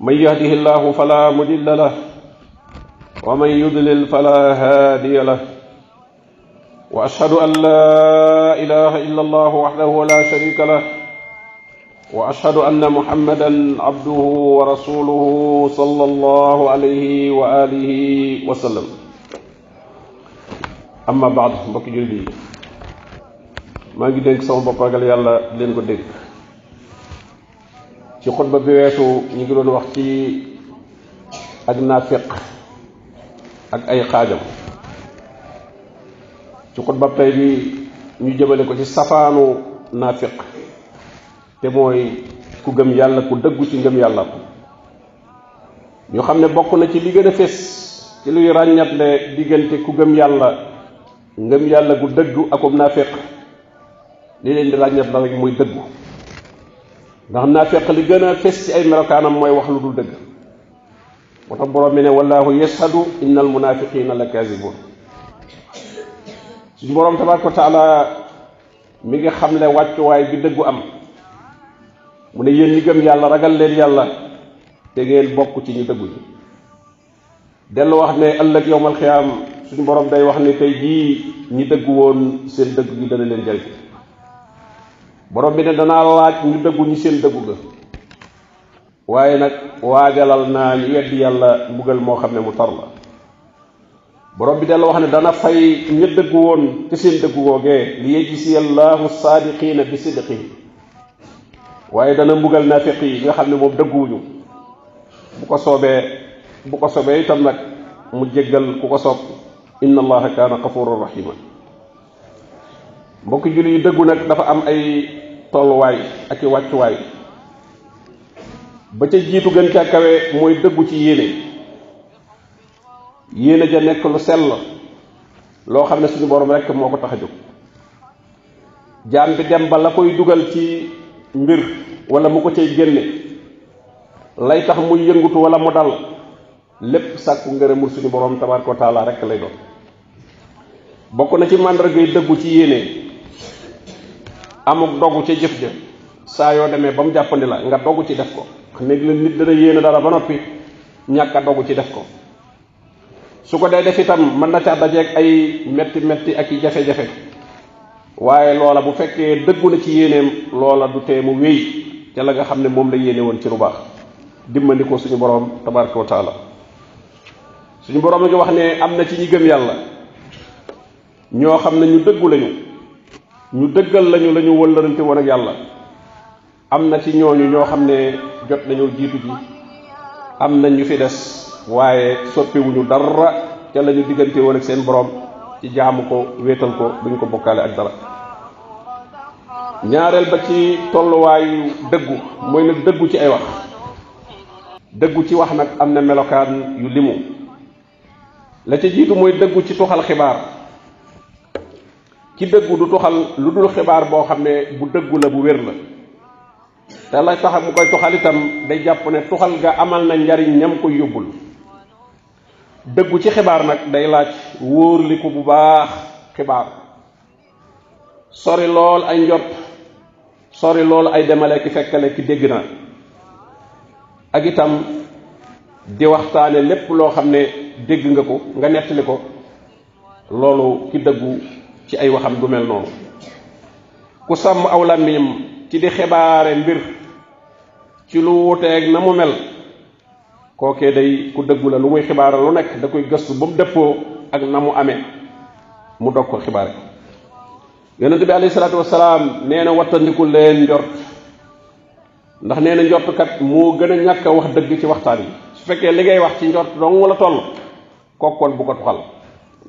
من يهده الله فلا مضل له ومن يضلل فلا هادي له واشهد ان لا اله الا الله وحده لا شريك له واشهد ان محمدا عبده ورسوله صلى الله عليه واله وسلم اما بعد بك جلدي ما ngi dénk sama bopp ragal yàlla leen كو ci xutba bi weesu ñu ngi doon wax ci ak nafiq ak ay xaajam ci xutba tey bi ñu jëmale ko ci safaanu nafiq te mooy ku gëm yàlla ku dëggu ci ngëm yàlla ñu xam ne bokk na ci li gën a fés ci luy ràññatle diggante ku gëm yàlla ngëm yàlla gu dëggu akum nafiq li leen di ràññat rek dëggu ndax naafeq li gën a fes ci ay melokaanam mooy wax lu dul dëgg moo tax borom bi ne wallahu yashhadu innal munafiqina la kazibun suñu borom tabaraka wa taala mi ngi xamle wàccuwaay bi dëggu am mu ne yéen ñi gëm yàlla ragal leen yàlla te ngeen bokk ci ñu dëggu ñi dellu wax ne ëllëg yowmal xiyaam suñu borom day wax ne tey jii ñi dëggu woon seen dëgg gi dana leen jëriñ borom bi ne danaa laaj ñu dëggu ñi seen dëggu ga waaye nag waajalal naa ñu weddi yàlla mbugal moo xam ne mu tar la borom bi della wax ne dana fay ña dëggu woon ci seen dëggu googee li yajzi allahu saadiqiina bi sidqihim waaye dana mbugal naafeq yi nga xam ne moom dëgguwuñu bu ko soobee bu ko soobee itam nag mu jéggal ku ko soob inna allaha kaana gafuran rahima mbokki julli yu dëggu nag dafa am ay tolluwaay ak i wàccuwaay ba ca jiitu gën ca kawe mooy dëggu ci yéene yéene ja nekk lu sell loo xam ne suñu borom rekk moo ko tax a jóg jaam bi dem ba la koy dugal ci mbir wala mu ko cay génne lay tax muy yëngutu wala mu dal lépp sàkku ngërëmul suñu borom tabaaraka wa taala rekk lay doon bokk na ci màndargay dëggu ci yéene amuk dogu ci jëf ja sa yo démé bam jappandi la nga dogu ci def ko nek la nit dana yéene dara ba nopi ñaka dogu ci def ko su ko dee def itam man na ca dajeeg ay metti metti ak jafé jafe-jafe loola bu fekkee deggu na ci yéeneem loola du té mu wéy ca la nga xamné mom la yéene won ci lu baax dimbandikoo suñu borom tabaraku wa taala suñu borom nga wax ne amna ci ñi gëm yalla ño xamna ñu deggu lañu ñu dëggal lañu la ñu wëllërante woon ak yàlla am na ci ñooñu ñoo xam ne jot nañu jiitu ji am na ñu fi des waaye soppiwuñu dara ca la ñu diggante woon ak seen boroom ci jaamu ko wéetal ko duñ ko bokkaale ak dara ñaareel ba ci tolluwaayu dëggu mooy nag dëggu ci ay wax dëggu ci wax nag am na melokaan yu limu la ca jiitu mooy dëggu ci tuxal xibaar ki deggu du tuxal lu dul xibaar boo xam ne bu deggu la bu wér la te lay tax mu koy tuxal itam day jàpp ne tuxal ga amal na njariñ ñam koy yóbbul mak ci xibaar nag day laaj wóor li bu baax xibaar sori lool ay njot sori lool ay demale ki fekkale ki dégg na ak itam di waxtaane lépp loo xam ne nga ko nga nettali ko loolu ki deggu ci ay waxam gu mel noonu ku sàmm aw làmmiñam ci di xibaare mbir ci lu wuteeg na mu mel kookee day ku dëggu la lu muy xibaare lu nekk da koy gëstu ba mu dëppoo ak na mu amee mu dog ko xibaare yonente bi alayhi salaatu wasalaam nee na wattandiku leen njort ndax nee na njortkat moo gën a ñàkk wax dëgg ci waxtaan yi su fekkee li ngay wax ci njort dong la toll kook kon bu ko tuxal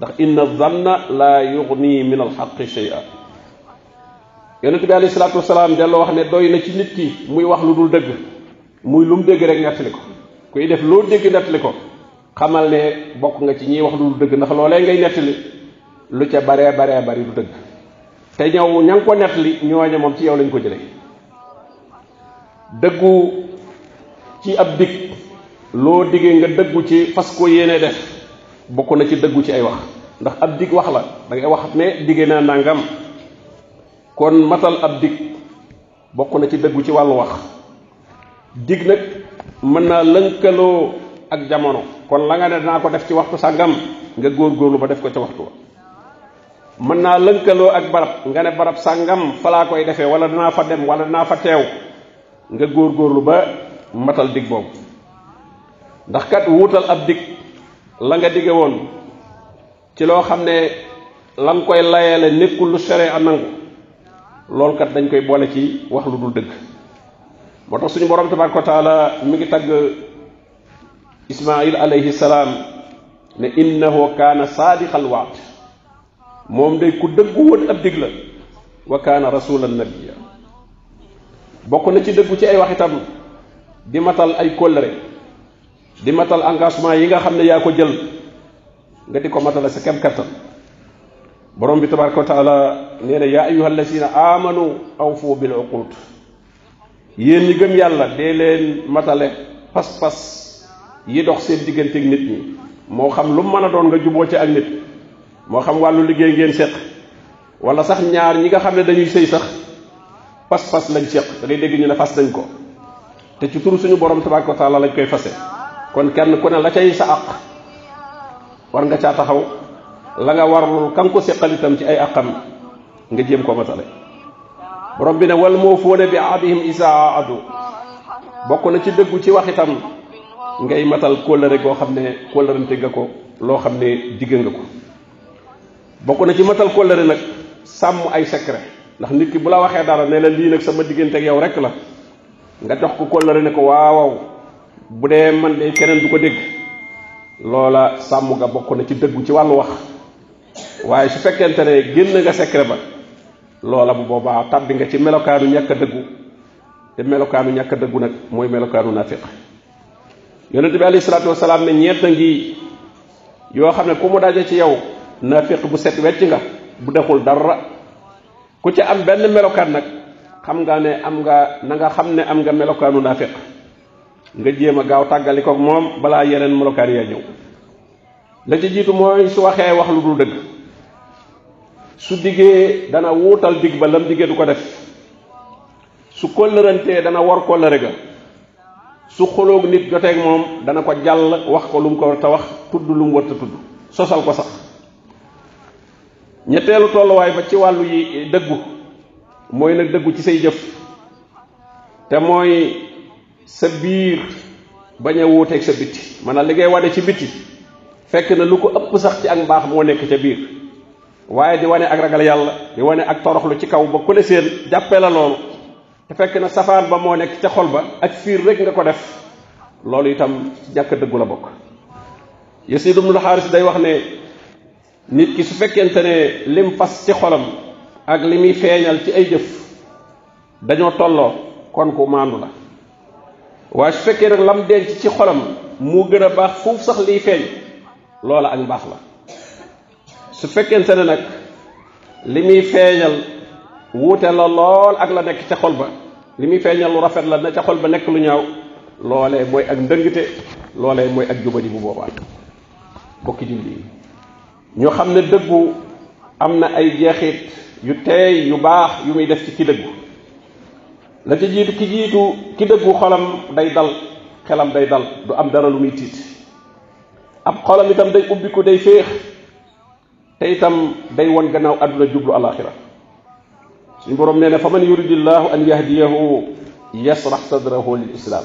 ndax inna zanna laa yuxni min alxaqi shay'a yonente bi alayhi salaatu wasalaam delloo wax ne doy na ci nit ki muy wax lu dul dëgg muy lu mu dégg rek nettali ko kuy def loo dégg nettali ko xamal ne bokk nga ci ñiy wax lu dul dëgg ndax loolee ngay nettali lu ca baree baree bari du dëgg te ñëw ña ngi ko nettali ñooña moom ci yow lañ ko jële dëggu ci ab dig loo diggee nga dëggu ci fas ko yéene def bokku na ci deggu ci ay wax ndax ab dig wax la da ngay wax ne digé na nangam kon matal ab dig na ci deggu ci walu wax dig nak man na ak jamono kon la nga def naa ko def ci waxtu sangam nga gorlu ba def ko ci waxtu man na lënkaloo ak barab nga ne barab sàngam falaa koy defé wala dana fa dem wala dana fa tew nga gorlu ba matal dig bob ndax kat wutal ab la nga dige woon ci loo xam ne la koy layale nekkul lu sore a nangu loolu dañ koy boole ci wax lu dul dëgg moo tax suñu borom tabaraka wa taala mi ngi tagg Ismaayil alayhi salaam ne innahu kaana saadiqal waat moom day ku dëggu woon ab dig la wa kaana rasulan nabiyya bokk na ci dëggu ci ay waxitam di matal ay kóllëre di matal engagement yi nga xamne ya ko jël nga diko matal sa kem kattan borom bi tabaraka taala neena ya yaa amanu awfu bil uqud yeen ni gem yalla de len matale pas-pas yi dox seen diggante ak nit ñi mo xam lu mën a doon nga juboo ci ak nit mo xam walu liggéey ngeen seq wala sax ñaar ñi nga xamne dañuy sey sax pas-pas lañ seq da ngay dégg ñu na fas dañ ko te ci turu suñu borom tabaraka taala lañ koy fase kon kenn ku ne la cay sa aq war nga caa taxaw la nga warlul kan ko seqal ci ay aqam nga jéem ko matale borom bi ne wal bi aadihim adu bokk na ci dëggu ci waxitam ngay matal kóllëre goo xam ne kóllërante nga ko loo xam ne digg nga ko bokk na ci matal kóllëre nag sàmm ay secret ndax nit ki bu la dara ne la lii nag sama diggante ak yow rek la nga jox ko kóllëre ne ko waaw bu dee man de keneen du ko dégg loola sàmm nga bokk na ci dëggu ci wàllu wax waaye su fekkente ne génn nga secret ba loola bu boobaa tabbi nga ci melokaanu ñàkk a dëggu te melokaanu ñàkk a dëggu nag mooy melokaanu nafiq yonente bi alayhi salaatu wasalaam ne ñeent ngi yoo xam ne ku mu daje ci yow nafiq bu set wecc nga bu dexul dara ku ci am benn melokaan nag xam nga ne am nga nga xam am nga melokaanu nafiq nga jema a gaaw tàggali mom moom balaa yeneen melokaan yaa ñëw la ci jitu moy su waxe wax lu dul deug su digge dana wutal dig ba lam digge du ko def su kóllërantee dana war kóllëre ga su xolok nit ak mom dana ko jall wax ko lu ko war wax tudd lu mu war tudd sosal ko sax tollu way ba ci walu yi deggu moy nak deggu ci sey jëf te moy sa biir bañ a wuuteeg sa bitti maanaam li ngay wane ci bitti fekk na lu ko ëpp sax ci ak mbaax moo nekk ca biir waaye di wane ak ragal yàlla di wane ak toroxlu ci kaw ba ku ne seen jàppee la loolu te fekk na safaan ba moo nekk ca xol ba ak fiir rek nga ko def loolu itam ñàkk dëggu la bokk Yasid ibnul Xaaris day wax ne nit ki su fekkente ne lim fas ci xolam ak li muy feeñal ci ay jëf dañoo tolloo kon ku maandu la waaye su fekkee nag lam denc ci xolam moo gën a baax foofu sax liy feeñ loola ak mbaax la su fekkente ne nag li muy feeñal wuute la lool ak la nekk ca xol ba li muy feeñal lu rafet la na ca xol ba nekk lu ñaaw loolee mooy ak ndëngte loolee mooy ak jubadi bu boobaa bokki julli yi ñu xam ne dëggu am na ay jeexit yu teey yu baax yu muy def ci ki dëggu la ci jitu ki jitu ki deggu xolam day dal xelam day dal du am dara lu muy tiit ab xolam itam day ko day feex te itam day won gannaaw aduna jublu alakhirah suñu borom neena fa man yuridillahu an yahdiyahu yasrah sadrahu lil islam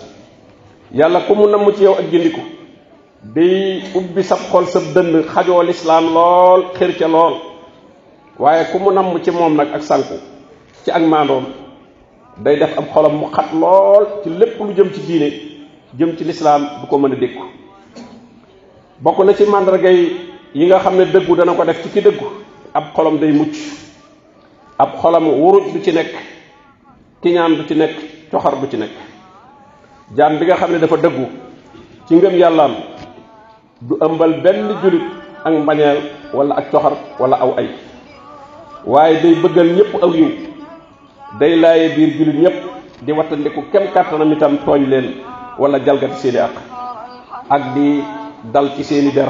yalla ku mu nam ci yow ak jindiku day ubbi sab xol sab dënd xajo l'islam lool xir ca lool waaye ku mu nam ci moom nag ak sanku ci ak day def am xolam mu xat lool ci lépp lu jëm ci diine jëm ci lislaam du ko mën a dékku bokk na ci mandragay yi nga xam ne dëggu dana ko def ci ki dëggu ab xolam day mucc ab xolam wuruj du ci nekk kiñaan du ci nekk coxar du ci nekk jaam bi nga xam dafa dëggu ci ngëm yàllaam du ëmbal benn julit ak mbañeel wala ak coxar wala aw ay waaye day bëggal ñëpp aw yiw day laaye biir jullit ñépp di wattandiku kem kàttanam itam tooñ leen wala jalgati seeni àq ak di dal ci seeni der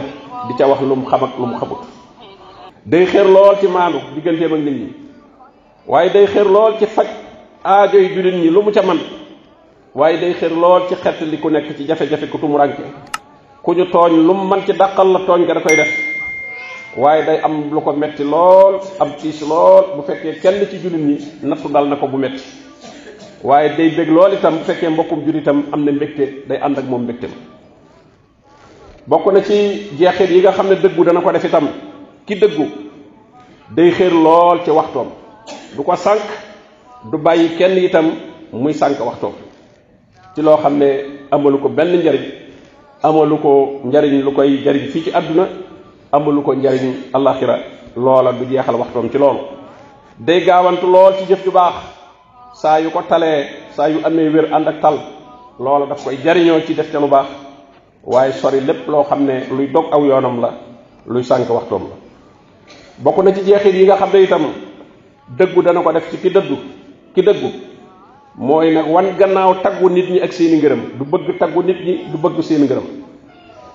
di ca wax lum xam ak lum xamut day xër lool ci maandu digganteem ak nit ñi waaye day xér lool ci faj aajoy jullit ñi lu mu ca man waaye day xër lool ci xettali ku nekk ci jafe-jafe ku tumuranke ku ñu tooñ lu mu man ci dàqal la tooñ ga da koy def waaye day am lu ko metti lool am tiis lol, bu fekkee kenn ci jullit ni nattu dal na ko bu metti waaye day bég lool itam bu fekkee mbokkum jullitam am na mbégte day ànd ak moom mbégte ma bokk na ci jeexit yi nga xam ne dëggu dana ko def itam ki dëggu day xéer lool ci waxtoom du ko sànq du bàyyi kenn itam muy sànq waxtoom ci loo xam ne amalu ko benn njariñ amalu ko njariñ lu koy fii ci àdduna amul ko njariñ alakhira loola du jeexal waxtom ci lool day gaawantu lool ci jëf ju baax saa yu ko talee saa yu amee wér ànd ak tal loola daf koy jariñoo ci def ca lu baax waaye sori lépp loo xam ne luy dog aw yoonam la luy sànk waxtoom la bokk na ci jeexit yi nga xam ne itam dëggu dana ko def ci ki dëddu ki dëggu mooy nag wan gannaaw taggu nit ñi ak seeni ngërëm du bëgg taggu nit ñi du bëgg seeni ngërëm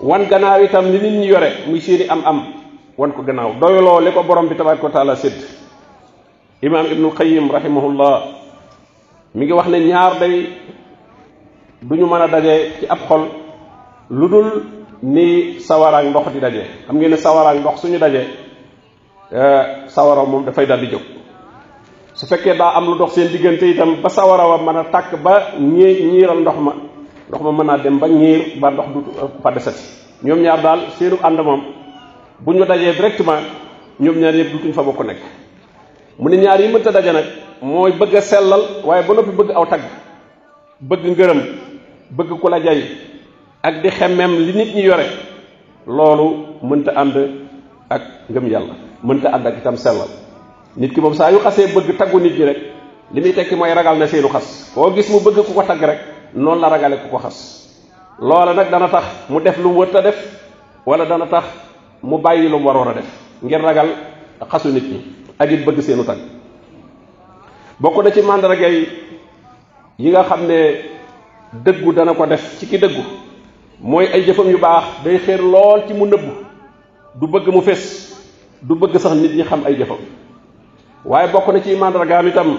wan gannaaw itam li nit ñi yore muy seeni am am wan ko gannaaw doyuloo li ko borom bi tabaraka wa taala sedd imam ibnu qayyim rahimahullah mi ngi wax ne ñaar day duñu mën a daje ci ab xol ludul ni ni ak ndox di daje xam ngeen ne ak ndox suñu daje euh, sawara moom dafay dal di jóg su fekkee daa am lu dox seen diggante itam ba sawara wa mën a tàkk ba ñi ñiiral ndox ma ndox ma mën naa dem ba ñiir ba ndox du fa desati ñoom ñaar daal seenu ànd moom bu ñu dajee directement ñoom ñaar yëpp dutuñ fa bokk nekk mu ne ñaar yi mënta daje nag mooy bëgg a sellal waaye ba noppi bëgg aw tag bëgg ngërëm bëgg ku la jay ak di xemmeem li nit ñi yore loolu mënta ànd ak ngëm yàlla mënta ànd ak itam sellal nit ki moom saa yu xasee bëgg taggu nit ñi rek li muy tekki mooy ragal na seenu xas koo gis mu bëgg ku ko tagg rek noonu la ragale ko ko xas loola nag dana tax mu def lu mu wërta def wala dana tax mu bàyyi lu mu waroon a def ngir ragal xasu nit ñi ak it bëgg seenu tag bokk na ci màndargay yi nga xam ne dëggu dana ko def ci ki dëggu mooy ay jëfam yu baax day xéer lool ci mu nëbbu du bëgg mu fes du bëgg sax nit ñi xam ay jëfam waaye bokk na ci màndargaam itam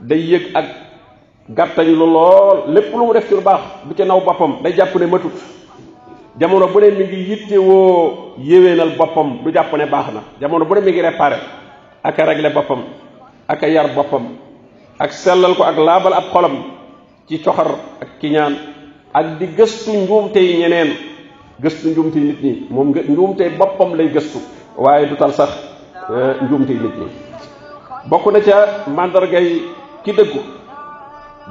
day yëg ak gàttañ lu lool lépp lu mu def ci lu baax bu ca naw boppam day jàpp ne matut jamono bu ne mi ngi yittewoo yéwénal boppam du jàpp ne baax na jamono bu ne mi ngi réparé ak a réglé boppam ak a yar boppam ak sellal ko ak laabal ak xolam ci coxar ak kiñaan ak di gëstu njuumte yi ñeneen gëstu njuumte yi nit ñi moom njuumte boppam lay gëstu waaye du tal sax eh, njuumte nit ñi bokk na ca màndargay ki dëggu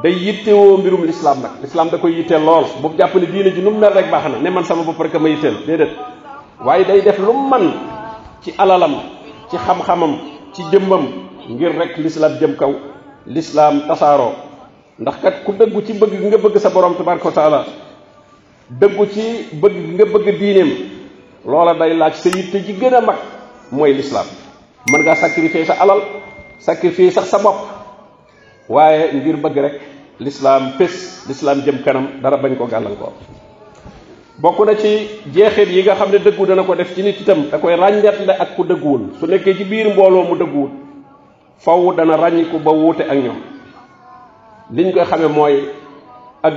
day yittewoo mbirum lislaam nag lislaam da koy yitteel lool bu jàpp ne diine ji nu mu mel baax na ne man sama bopp rek ma yitteel déedéet waaye day def lu man ci alalam ci xam-xamam ci jëmmam ngir rek lislaam jëm kaw lislaam tasaaroo ndax kat ku dëggu ci bëgg nga bëgg sa borom tabaraka wa taala dëggu ci bëgg nga bëgg diineem loola day laaj sa yitte ji gën a mag mooy lislaam mën ngaa sacrifier sa alal sacrifier sax sa bopp waaye ngir bëgg rek lislaam pés lislaam jëm kanam dara bañ ko gàllankoo bokk na ci jeexit yi nga xam ne dëggu dana ko def ci nit itam da koy ràññatle ak ku dëgguwul su nekkee ci biir mbooloo mu dëgguwul faw dana ràññiku ba wuute ak ñoom liñ koy xamee mooy ak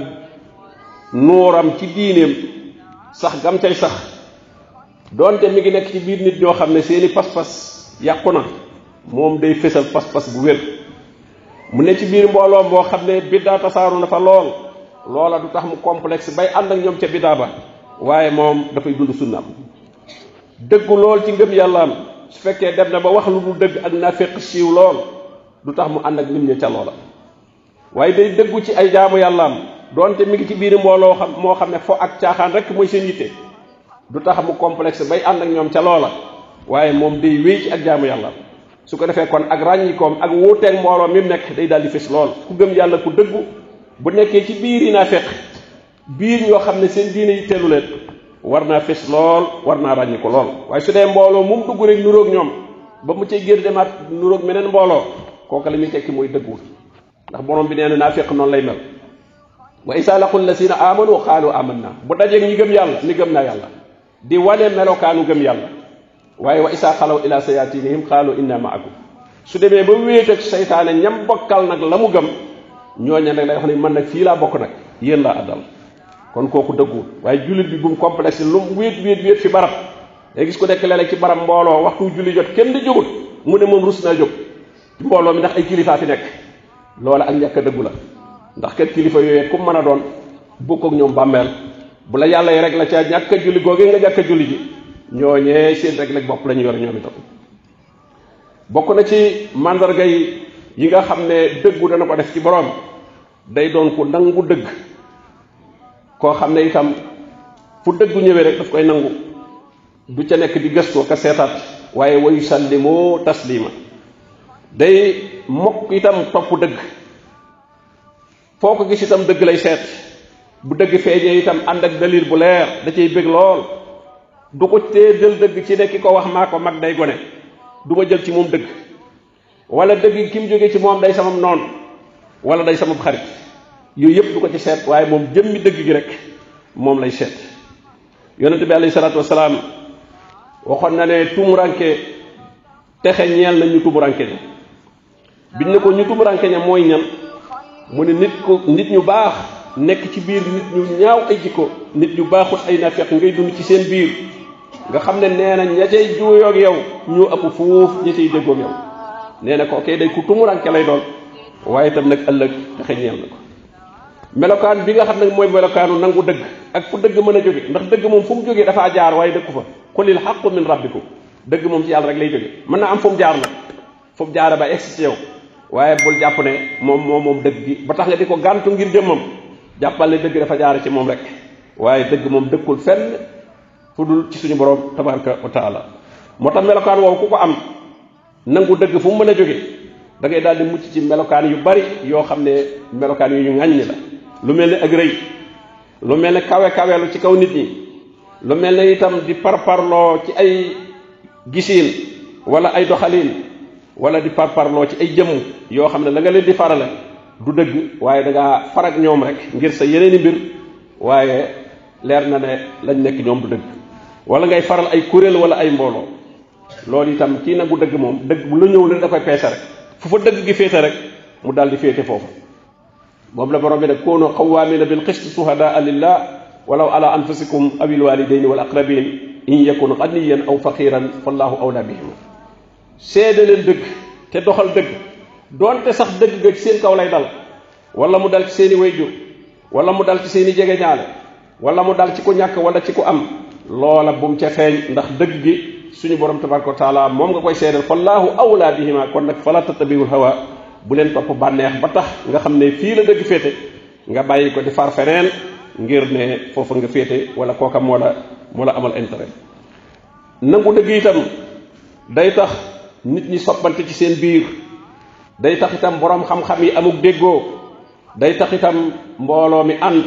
nuuram ci diineem sax gam sax doonte mi ngi nekk ci biir nit ñoo xam ne seeni pas-pas yàqu na moom day fésal pas-pas bu wér mu ne ci biir mbooloo boo xam ne biddaa tasaaru na fa lool loola du tax mu complexe bay ànd ak ñoom ca biddaa ba waaye moom dafay dund sunnaam dëggu lool ci ngëm yàllaam su fekkee dem na ba wax lu du dëgg ak nafeq siiw lool du tax mu ànd ak nit ñi ca loola waaye day dëggu ci ay jaamu yàllaam donte mi ngi ci biir mbooloo xam moo xam fo ak caaxaan rek mooy seen yitte du tax mu complexe bay ànd ak ñoom ca loola waaye moom day wéy ci ak jaamu yàllaam su ko defee kon ak ràññikoom ak wuuteeg mbooloo mi nekk day daal di fis lool ku gëm yàlla ku dëggu bu nekkee ci biir yi naa fekk biir ñoo xam ne seen diine yi teelu leen war naa fis lool war naa ràññiku lool waaye su dee mbooloo mu dugg rek nuróog ñoom ba mu cay génn demaat nuróog meneen mbooloo kooka la muy tekki mooy dëggu ndax borom bi nee na naa fekk noonu lay mel wa isa laqul lasina amanu qaalu amanna bu dajeeg ñi gëm yàlla ni gëm naa yàlla di wane melokaanu gëm yàlla waaye wa isa xalaw ila sayatinihim xaalu inna maakum su demee ba wéet ak seytaane ñam bokkal nag la mu gëm ñooña nag lay wax ne man nag fii laa bokk nag yéen laa addal kon kooku dëgguwul waaye julit bi bu mu complexe lu mu wéet wéet wéet fi barab day gis ku nekk léeg ci barab mbooloo waxtu julli jot kenn di jógut mu ne moom rus naa jóg ci mbooloo mi ndax ay kilifa fi nekk loola ak ñàkk dëggu la ndax kat kilifa yooyee ku mën a doon bokk ak ñoom bàmmeel bu la yàlla yi rek la ca ñàkk julli googee nga ñàkk julli ji ñooñee seen rek leg bopp lañu yor ñoom itam bokk na ci mandarga yi yi nga xam ne dana ko def ci borom day doon ku nangu dëgg koo xam ne itam fu dëggu ñëwee rek daf koy nangu du ca nekk di ka seetaat waaye way sallimu taslima day mokk itam topp dëgg foo ko gis itam dëgg lay seet bu dëgg feeñee itam ànd ak dalil bu leer da cay bég lool du ko te jël dëgg ci ne ko wax maa ko mag day gone du ma jël ci moom dëgg wala dëgg kim jóge ci moom day samam noon wala day samam xarit yooyu yëpp du ko ci seet waaye moom jëmmi dëgg gi rek moom lay seet yonente bi alayhi salaatu wasalaam waxoon na ne tumuranke texe ñeel na ñu tumuranke ña biñ ne ko ñu tumuranke ña mooy ñan mu ne nit ko nit ñu baax nekk ci biir nit ñu ñaaw ay jikko nit ñu baaxul ay nafeq ngay dund ci seen biir nga xam ne nee na ña cay juuyoog yow ñu ëpp fuuf ña cay déggoog yow nee na kookee day ku tumuranke lay doon waaye itam nag ëllëg texe ñeel na ko melokaan bi nga xam nag mooy melokaanu nangu dëgg ak fu dëgg mën a jóge ndax dëgg moom fu mu jógee dafaa jaar waaye dëkku fa qulil haqqu min ko dëgg moom ci yàlla rek lay jóge mën naa am fu mu jaar nag fu mu ba egsi ci waaye bul jàpp ne moom moom moom dëgg gi ba tax nga di ko gàntu ngir jëmmam jàppal dëgg dafa jaare ci moom rek waaye dëgg moom dëkkul fenn fu dul ci suñu borom tabaraka wa taala moo tax melokaan woowu ku ko am nangu dëgg fu mu mën a jóge da ngay daal di mucc ci melokaan yu bari yoo xam ne melokaan yu ñu ŋàññi la lu mel ni ak rëy lu mel ne kawe kaweelu ci kaw nit ñi lu mel ni itam di parparloo ci ay gisiin wala ay doxaliin walla di parparloo ci ay jëmm yoo xam ne la nga leen di farale du dëgg waaye da ngaa ñoom rek ngir sa yeneen yeneeni mbir waaye leer na ne lañ nekk ñoom du dëgg wala ngay faral ay kuréel wala ay mbooloo loolu itam kii nag bu dëgg moom dëgg bu la ñëw ne da koy peese rek fu fa dëgg gi féete rek mu daal di féete foofu boobu la borom bi nag koonu xawaamina bil xist suhadaa lillah walaw ala anfusikum awil walidaini wal aqrabin in yakun ganiyan aw faqiran fallahu awla bihima seede leen dëgg te doxal dëgg doonte sax dëgg ga ci seen kaw lay dal wala mu dal ci seeni wayjur wala mu dal ci seeni jegeñaale wala mu dal ci ku ñàkk wala ci ku loola bu mu ca xeeñ ndax dëgg gi suñu borom tabaraka wa moom nga koy seedal fallaahu awlaa bihima kon nag fala tattabiul hawa bu leen topp bànneex ba tax nga xam ne fii la dëgg féete nga bàyyi ko di far feneen ngir ne foofa nga féete wala kooka moo la moo la amal intérêt nangu dëgg itam day tax nit ñi soppante ci seen biir day taxitam boroom xam-xam yi amuk déggoo day taxitam mbooloo mi ànd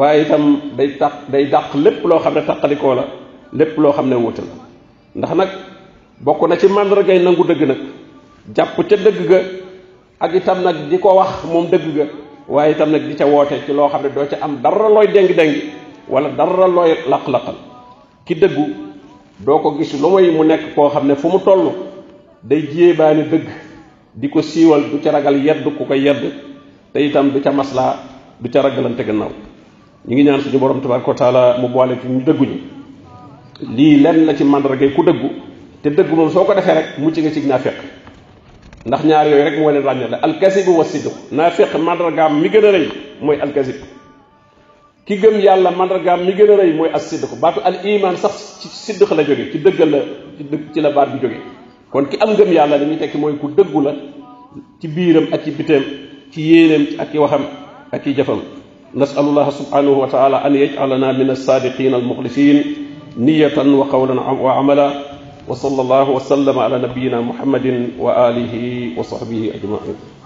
waaye itam day tax day dàq lépp loo xam ne taqalikoo la lépp loo xam ne wuute la ndax nag bokk na ci màndargay nangu dëgg nag jàpp ca dëgg ga ak itam nag di ko wax moom dëgg ga waaye itam nag di ca woote ci loo xam ne doo am dara looy dengi dengi, wala dara looy laq-laqal ki dëggu doo ko gis lu moy mu nekk koo xam ne fu mu toll day jéebaani dëgg di ko siiwal du ca ragal yedd ku ko yedd te itam du ca maslaa du ca ragalante gannaaw ñu ngi ñaan suñu borom tabaraka wa mu boole ci ñu dëgguñu lii lenn la ci mandargay ku dëggu te dëggu moom soo ko defee rek mu mucc nga ci naafeq ndax ñaar yooyu rek moo leen ràññale alkasibu wa sidq naafeq mandargaam mi gën a rëy mooy alkasib ki gëm yàlla mandargaam mi gën a rëy mooy as sidq baatu al iman sax ci sidq la jóge ci dëggal la ci dëgg ci la baat bi jóge kon ki am ngëm yàlla li muy tekki mooy ku dëggu la ci biiram ak ci biteem ci yéeneem jëfam نسأل الله سبحانه وتعالى أن يجعلنا من الصادقين المخلصين نية وقولا وعملا وصلى الله وسلم على نبينا محمد وآله وصحبه أجمعين